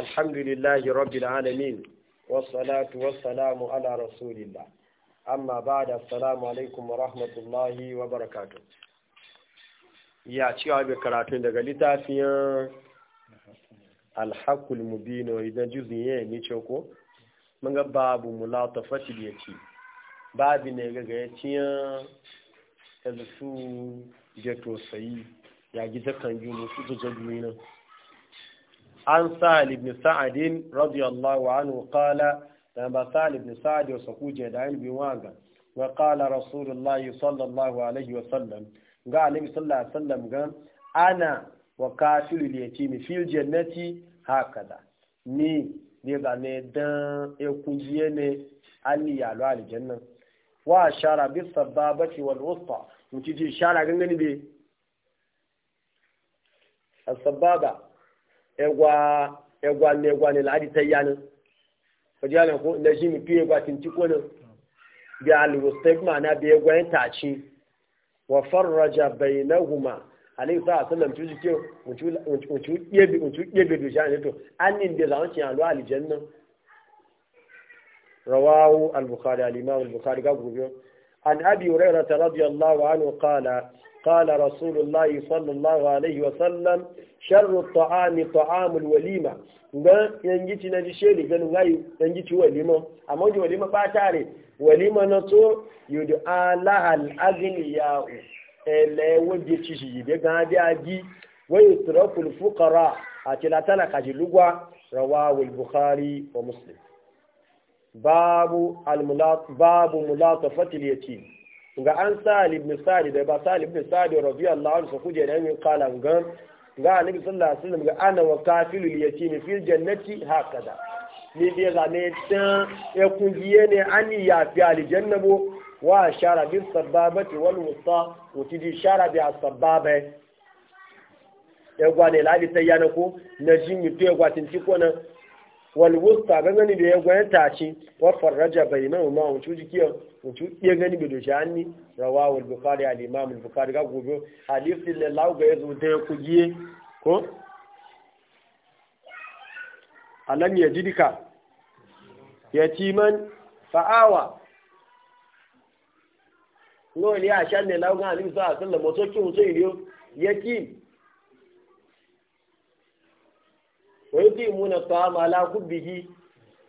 alhamdulillahi rabbil alamin wassalatu wassalamu ala rasulillah amma ba'da assalamu alaikum warahmatullahi wabarakatuh ya ci abu karatun daga littafin alhaqul mubin idan juzniye ni ce ko mun ga babu mulatafati da yake babu ne ga ga yace da su ya gida kan yi musu da jami'an an sa ibn sa'adin radiyallahu anhu kala da ba sa ibn sa'adin wasu kuje da da ilmi waga wa qala rasulullah sallallahu alaihi wa sallam ga annabi sallallahu alaihi wa sallam ga ana wa kafirul ni fil jannati da. ni ne ga ne don e kujiye ne yi yalo lo aljanna wa shara bis sababati wal wusta mutiji shara gangani be a sababa egwa egwa ne egwa ne ladi tayyana kaji ne ko na shi mi fiye gwa tin tiko ne bi al-wustaq ma'ana bi egwa yin taci wa farraja bainahuma alayhi sallallahu alaihi wasallam tuji ke mutu mutu yebe mutu yebe do jani to annin da zaman cin alu aljanna rawahu al-bukhari al-imam al-bukhari ga gobe an abi hurairah radiyallahu anhu qala قال رسول الله صلى الله عليه وسلم شر الطعام طعام الوليمة yanji ci na ji sheli ganin gayu yanji walima amma walima ba tare walima na to yudu alaha al-aghniya ele waje ci shi be ga ji aji wa yutraku al-fuqara a tila tana kaji lugwa rawahu al-bukhari wa muslim babu al-mulat babu mulatafati ga an sali ibn sa'id da ba salib ibn sa'id radiyallahu anhu kuje da min qala ga ga annabi sallallahu alaihi wasallam ga ana wa kafilul yatim fil jannati hakada ni bi ga ne tan e kungiye ne an ya fi aljanna bo wa shara bi sababati wal wusta wuti di shara bi asbaba e gwa ne labi tayana ko na jimi to e gwa tin ci ko na walwusta gangani da ya gwayan tashi wa farraja bainahu ma wucu jikiya wucu iya gani bi doshi hanni rawahu al-bukhari al-imam al-bukhari ga gobe hadisi lallahu ga yazo da ku giye ko alam yajidika yatiman fa'awa no ile ashan ne lahu ga alim sa sallallahu alaihi wasallam to ki wuce iliyo yatim wa yi muna ta'ama ala hubbihi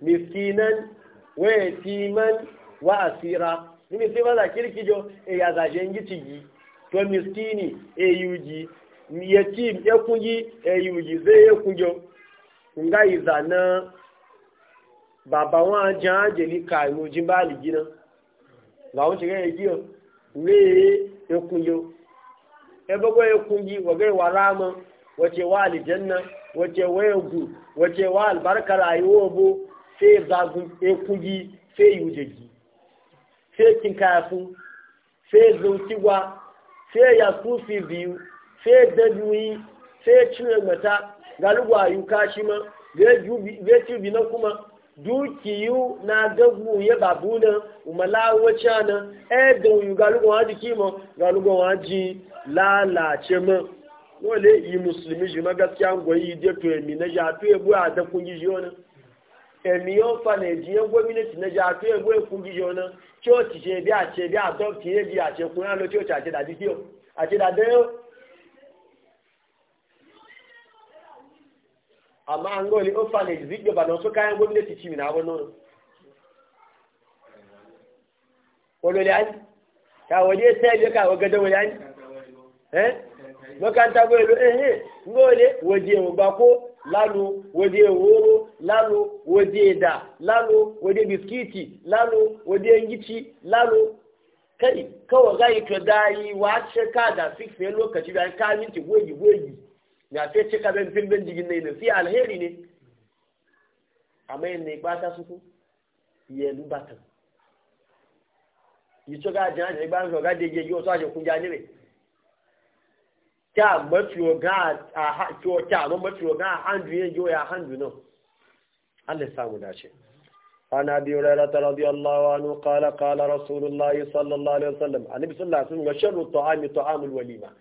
miskinan wa yatiman wa asira ni mi sai maza kirkijo e eh, ya zaje ngi cigi to miskini e yuji kungi eh, zai nga baba wa jan ajeli ka imu jimbali gina ba won shiga yi o e kunjo e kungi wa gai walama wace wa aljanna wace waya gu wace wa albarka rayuwa bu sai zagun ekugi sai yujegi sai kinkafu sai zautiwa sai ya kufi biyu sai dabiwi sai cire mata galuwa yuka shi ma zai ci bi na kuma dukiyu na gagu ya babu na umalawa cana ɗaya eh, da galuwa jiki ma galuwa ji lalace ma wale yi musulmi shi magaskiya goyi je to emi na ja to ebu a da kun ji yona emi yo fa ne ji en gominati na ja to ebu e kun ji yona church je bi a che bi a do ti e bi a che kun lo church a che da di ti o a che da de o amma an ga wani orphanage zai ba na su kayan gwamnati ci mina abin nono wani wani an ta wani ya sayar ya kawo an eh makaranta ko yalo ehe ngole waje mu bako lalu waje woro lalu waje da lalu waje biskiti lalu waje ngici lalu kai kawai gai to dai wa sheka da fix lokaci da ka minti ya ben fil ben ne fi alheri ne amma ne ba ta suku yelu batan yi to ga jan ne ba so ga de yo so aje kun ja ne kya mafiyo ga kya ma mafiyo ga hanju yin yoya hanju nan allah samu dace an abi rara ta radiyo allah wa nu kala kala rasulullah ya sallallahu alaihi wasallam a nabi sallallahu alaihi wasallam sharru ta'ami ta'amul walima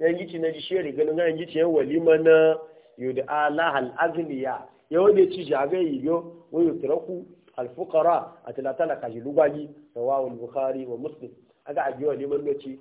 yan gici na ji shere ganin yan gici yan walima na yudu allah al'azliya yau da ci jaga yi yo wani yutraku alfukara a talata na kashi lubagi da wawul bukari wa muslim aga ajiyar neman lokaci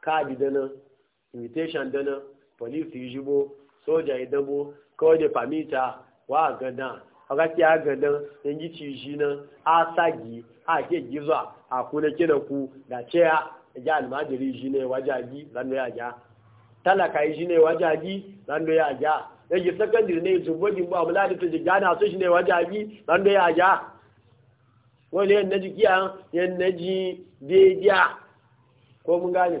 ka bi da nan invitation dana police yi jibo soja yi dabo kawai da famita wa gadan a kake a gadan yan yi ciji nan a sagi a ke gizo a kuna kina ku da ceya a ji almajiri ji ne wajaji zan ya ja talaka yi ji ne wajaji zan ya ja yanzu sakandiri ne zubo ba abu ladi ta jiga na so shi ne wajaji zan ya ja wani yan naji jikiya yan naji ji ko mun gane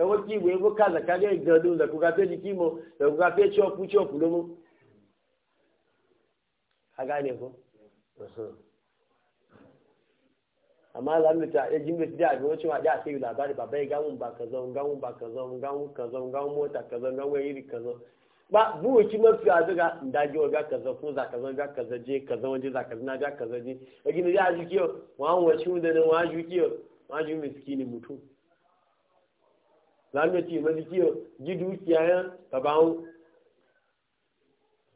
ẹwọ́ kí ìwé ń ká zàkárẹ́ ìgbọ̀n ló lẹ̀kúnká fẹ́ di kí mọ lẹ̀kúnká fẹ́ ṣọ́ọ̀pù ṣọ́ọ̀pù ló mú. aga ne ko amma lamita ya jimbe da a gaba cewa da sai labari ba gawun ba kaza gawun ba gáwọn gawun kaza gawun mota kaza gawun iri kaza ba buwaki mafi a daga ndage ga kaza ko za kaza ga kaza je kaza waje za kaza ga kaza je ya gina ya wọn kiyo wọn wa shi da nan wa ju kiyo wa ju miskini mutu. lánàá tí ìmọ̀ díkì jídú kí ayé bàbá wọn.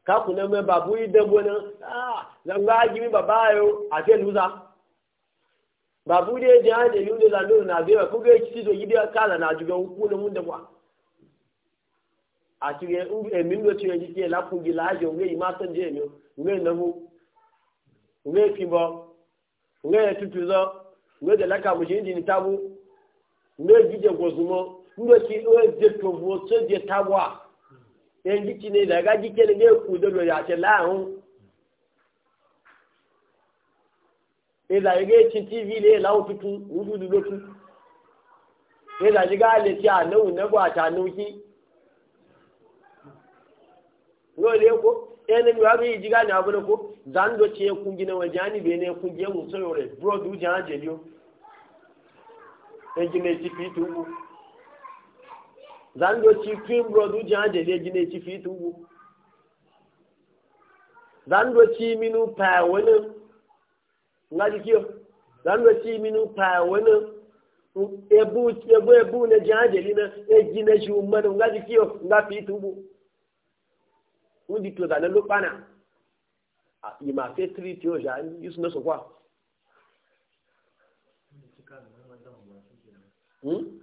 kákùnà mẹ́ bàbá yìí dẹ́gbọ́ náà lọ́gbà ájí mi bàbá ayò àti ẹ̀lúza. bàbá yìí jẹ́ àjẹ́ yìí ló lànà òun àbí rẹ̀ kókè tí yí dé kálà náà àjùgbọ́n ń kú lóhun dẹ́gbà. àti ẹ̀mí ló ti rẹ̀ tiẹ̀ lápòjì láàjọ òun yìí má sọ́jẹ́ fi di ní tábú òun yẹn ndo ki o je to wo so je tawa en ji ki ne da ga ji ke ne ku do ya ce la hun e da ga ti tv le la o fitu wudu du du lo tu e da ji ga le ti a no ne gwa ta no ki wo le ko ene mi wa bi ji ga na bu ko zan do ci e ku gi na wa jani be ne ku je mu so yo re bro du ja je yo en ji ne ti pi tu zando ci kim brodu janje le gine ci fi tubu zando ci minu pa wani ngaji kiyo zando ci minu pa wani ebu ebu ebu na janje lina e gine shi umman ngaji kiyo nga fi tubu undi to da lo pana yi ma fe tri ti o ja yusu na so kwa Hmm?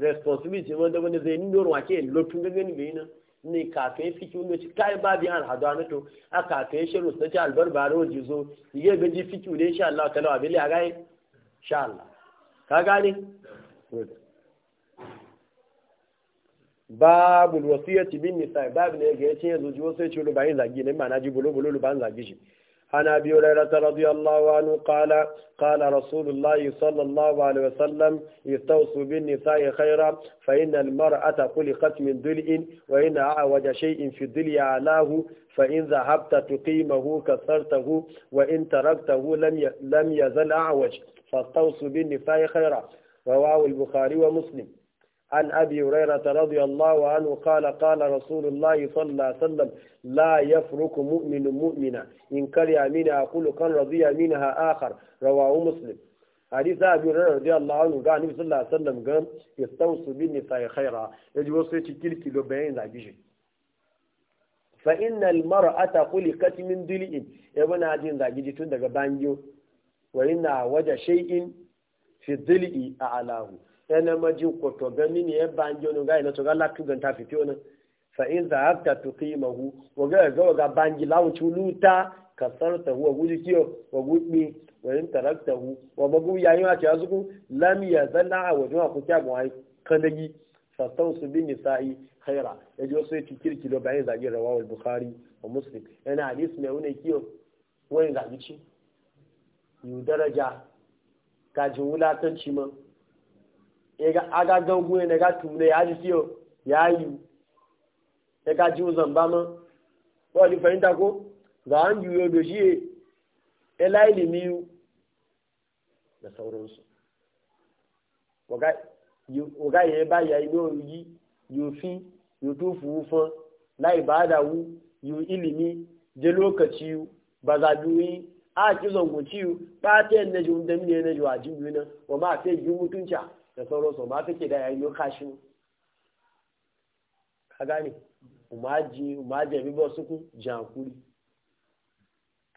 responsibility wanda wani zai ni ruwa ke lotun da gani bai nan ne kafin fiki wanda ci kai ba bi an hada na to a kafin shiru ta ci albarbaro jizo yige ji fiki da insha Allah ta lawa bili a gai insha Allah ka gane babu wasiyati bin nisa babu ne ga yace yanzu jiwo sai ci rubayin zagi ne ma na ji bulo bulo ban zagi shi عن أبي هريرة رضي الله عنه قال قال رسول الله صلى الله عليه وسلم استوصوا بالنساء خيرا فإن المرأة خلقت من دلء وإن أعوج شيء في الدلء أعلاه فإن ذهبت تقيمه كسرته وإن تركته لم لم يزل أعوج فاستوصوا بالنساء خيرا رواه البخاري ومسلم عن أبي هريرة رضي الله عنه قال قال رسول الله صلى الله عليه وسلم لا يفرك مؤمن مؤمنا إن كان يأمين أقول كان رضي منها آخر رواه مسلم حديث أبي هريرة رضي الله عنه قال النبي صلى الله عليه وسلم قال استوصوا بالنساء خيرا يجب وصية تلك لبين زعجيش فإن المرأة خلقت من دلئ يبقى ناجين زعجيش تندق بانجو وإن وجه شيء في الدلء أعلاه yana majin kwato gami ne ya ba anjo ga ina to ga latu gan ta fito nan fa in zahabta tuqimahu wa ga ga ga banji lawo chuluta kasarta huwa guji kiyo wa gudbi wa in hu. wa bagu yayin a ta zuku lam a wa juma ku ta gwai kanagi fa tawsu bi nisa'i khaira ya jo sai ci kirki lo bayan zagi rawahu bukhari wa muslim yana hadis mai wani kiyo wani zagi ci yu daraja ka ji wulatanci man aga gangu ne ga tumne ya ji siyo ya yi ya ga ji uzan ba ma wani fahimta ko ga an juyo da shi ya layi limiyu da sauransu waga ya ba ya yi yau yi yau fi yau tufu wufan layi ba da wu yau ilimi je lokaci yu ba za biyu a ci zango ciyu ba ta yin na ji wunda mini na ji wa ji biyu nan wa ma sai yi mutunca da sauransu ma kake da yayin kashin ka gane umaji umaji bi ba suku jankuri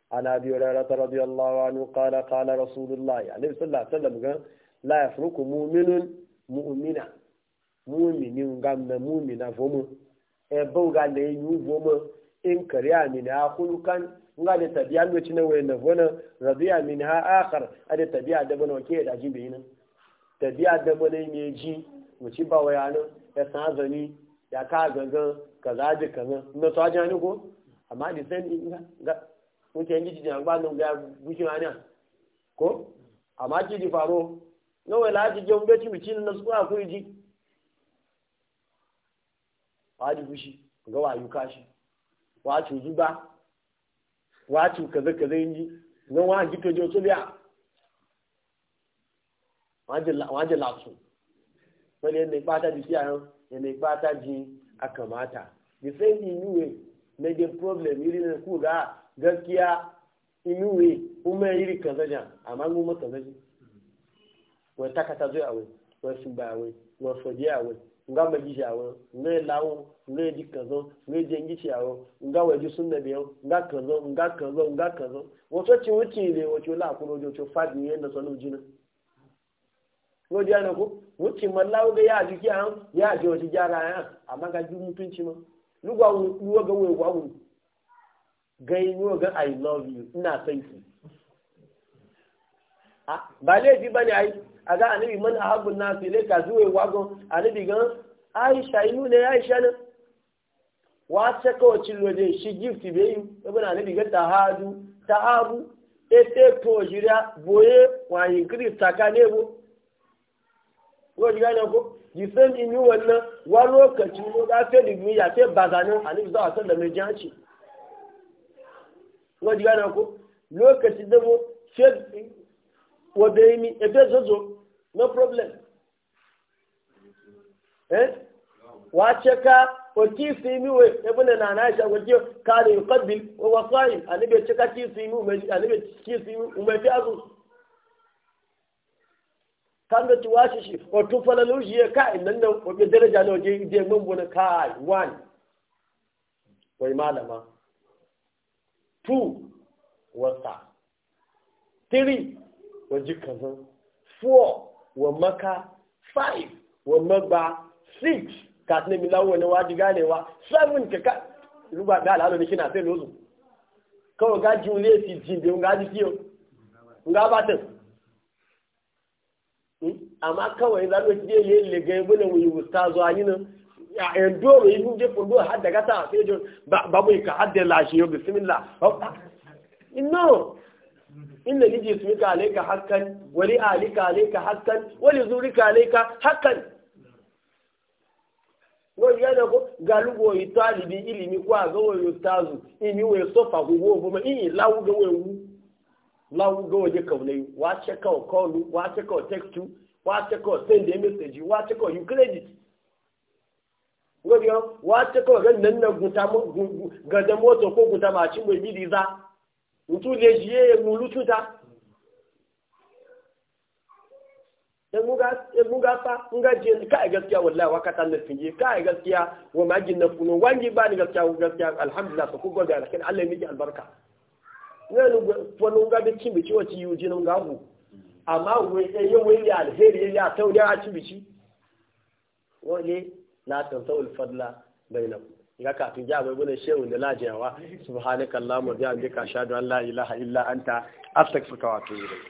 ana biyo rarata radiyallahu anhu qala qala rasulullah alaihi sallallahu alaihi wasallam ga la yafruku mu'minun mu'mina mu'minin gam na mu'mina fomu e bauga da yu fomu in kariya min akulukan nga da tabi'a lokacin wayan na fona radiya min ha akhar ada tabi'a da bana ke da jibe nan tabiya da bane yi meji mu ci ba wayanin ya san zani ya ka gangan kaza ji kaza na to ajani ko amma di san in ga mu ke ji ji ba nan ga gushi anya ko amma ji di faro no wala ji jon ga ci bicin na su akwai ji wa di gushi ga wayu kashi wa ci zuba wa ci kaza kaza yin ji nan wa ji to je biya wọ́n jẹ́ làásùn wọ́n ní ẹni pátá di sí àrùn ẹni pátá di akàmáta the inú wẹ̀ mẹ́jẹ problem yìí nínú kú gá gaskiya inú wẹ̀ ó mẹ́ yìí kàn sẹ́jà àmọ́ ń mọ́ kàn wọ́n takata zọ́ àwẹ̀ wọ́n sùgbà àwẹ̀ wọ́n sọ̀jẹ́ àwẹ̀ nga majiji awo nga lawo nga di kazo nga jengici awo nga waje sunna biyo nga kazo nga kazo nga kazo wato ci wuce ne wato la kuma wato fadi yanda sanu jina ko ji ana ko wuce mallawo ga ya jiki an ya ji wata gyara ya amma mutunci ma lugwa wuwa ga ni i love you ina son ba laifi bane a ga annabi man ahabun nas ilayka zuwa wagon annabi gan aisha inu ne aisha ne wa saka wacin loje shi gift be yi ibn e annabi ga tahadu tahabu ete to jira ka ko ji gane ko ji san in yi wannan wa lokaci ko ga fe da duniya fe bazanin alif za a san da mai janci ni ji gane ko lokaci mu fe wa da yimi zozo no problem eh mi we na na wa anibe anibe ume fi azu kan da ci washe shi wato falalu shi ya ka nan nan wani daraja na waje je mun bune kai one wai malama two wasa three wa jikazan four wa maka five wa magba six ka tne mi lawo ne waji ganewa seven ka ka ruba da alalo ne kina sai lozu kawai gaji ule si jinde ngaji kiyo ngaba tan amma kawai za mu je yi lega muna mu yi wusta zuwa yi nan ya en doro yi je fundo har daga ta sai jo ba mu ka hadda lashi yo bismillah inno inna liji alayka hakkan li alika alayka hakkan wa zurika alayka hakkan ngo yana ko galugo itali bi ilimi kwa zo wo ini we sofa ku wo bo ma ini lawu go lawu go je wa che ka wa che wace kawai send a message wace kawai you credit gobiyo wace kawai gan nan na guta gaza moto ko guta macin mai bidi za mutu le jiye ya mulu cuta in muga fa in gajiye ka a e, gaskiya wallahi waka ta na finge ka a e, gaskiya wa magin na kuno wangi ba ni gaskiya ko gaskiya alhamdulillah ko da alkin Allah ya miki albarka ne ni fa nun ga da kimbi ciwo ciwo jinan gahu àmọ́ òwe eyín alheri ilé àlèhèrè ilé àtẹ́wò ní àtúbìsí wọ́n lé látọ̀tọ̀ olùfọdúnlá bai náà ga kafin ji abai bane shehu da lajiyawa subhanakallahumma bihamdika ashhadu an la ilaha illa ta astaghfiruka wa atubu ilayk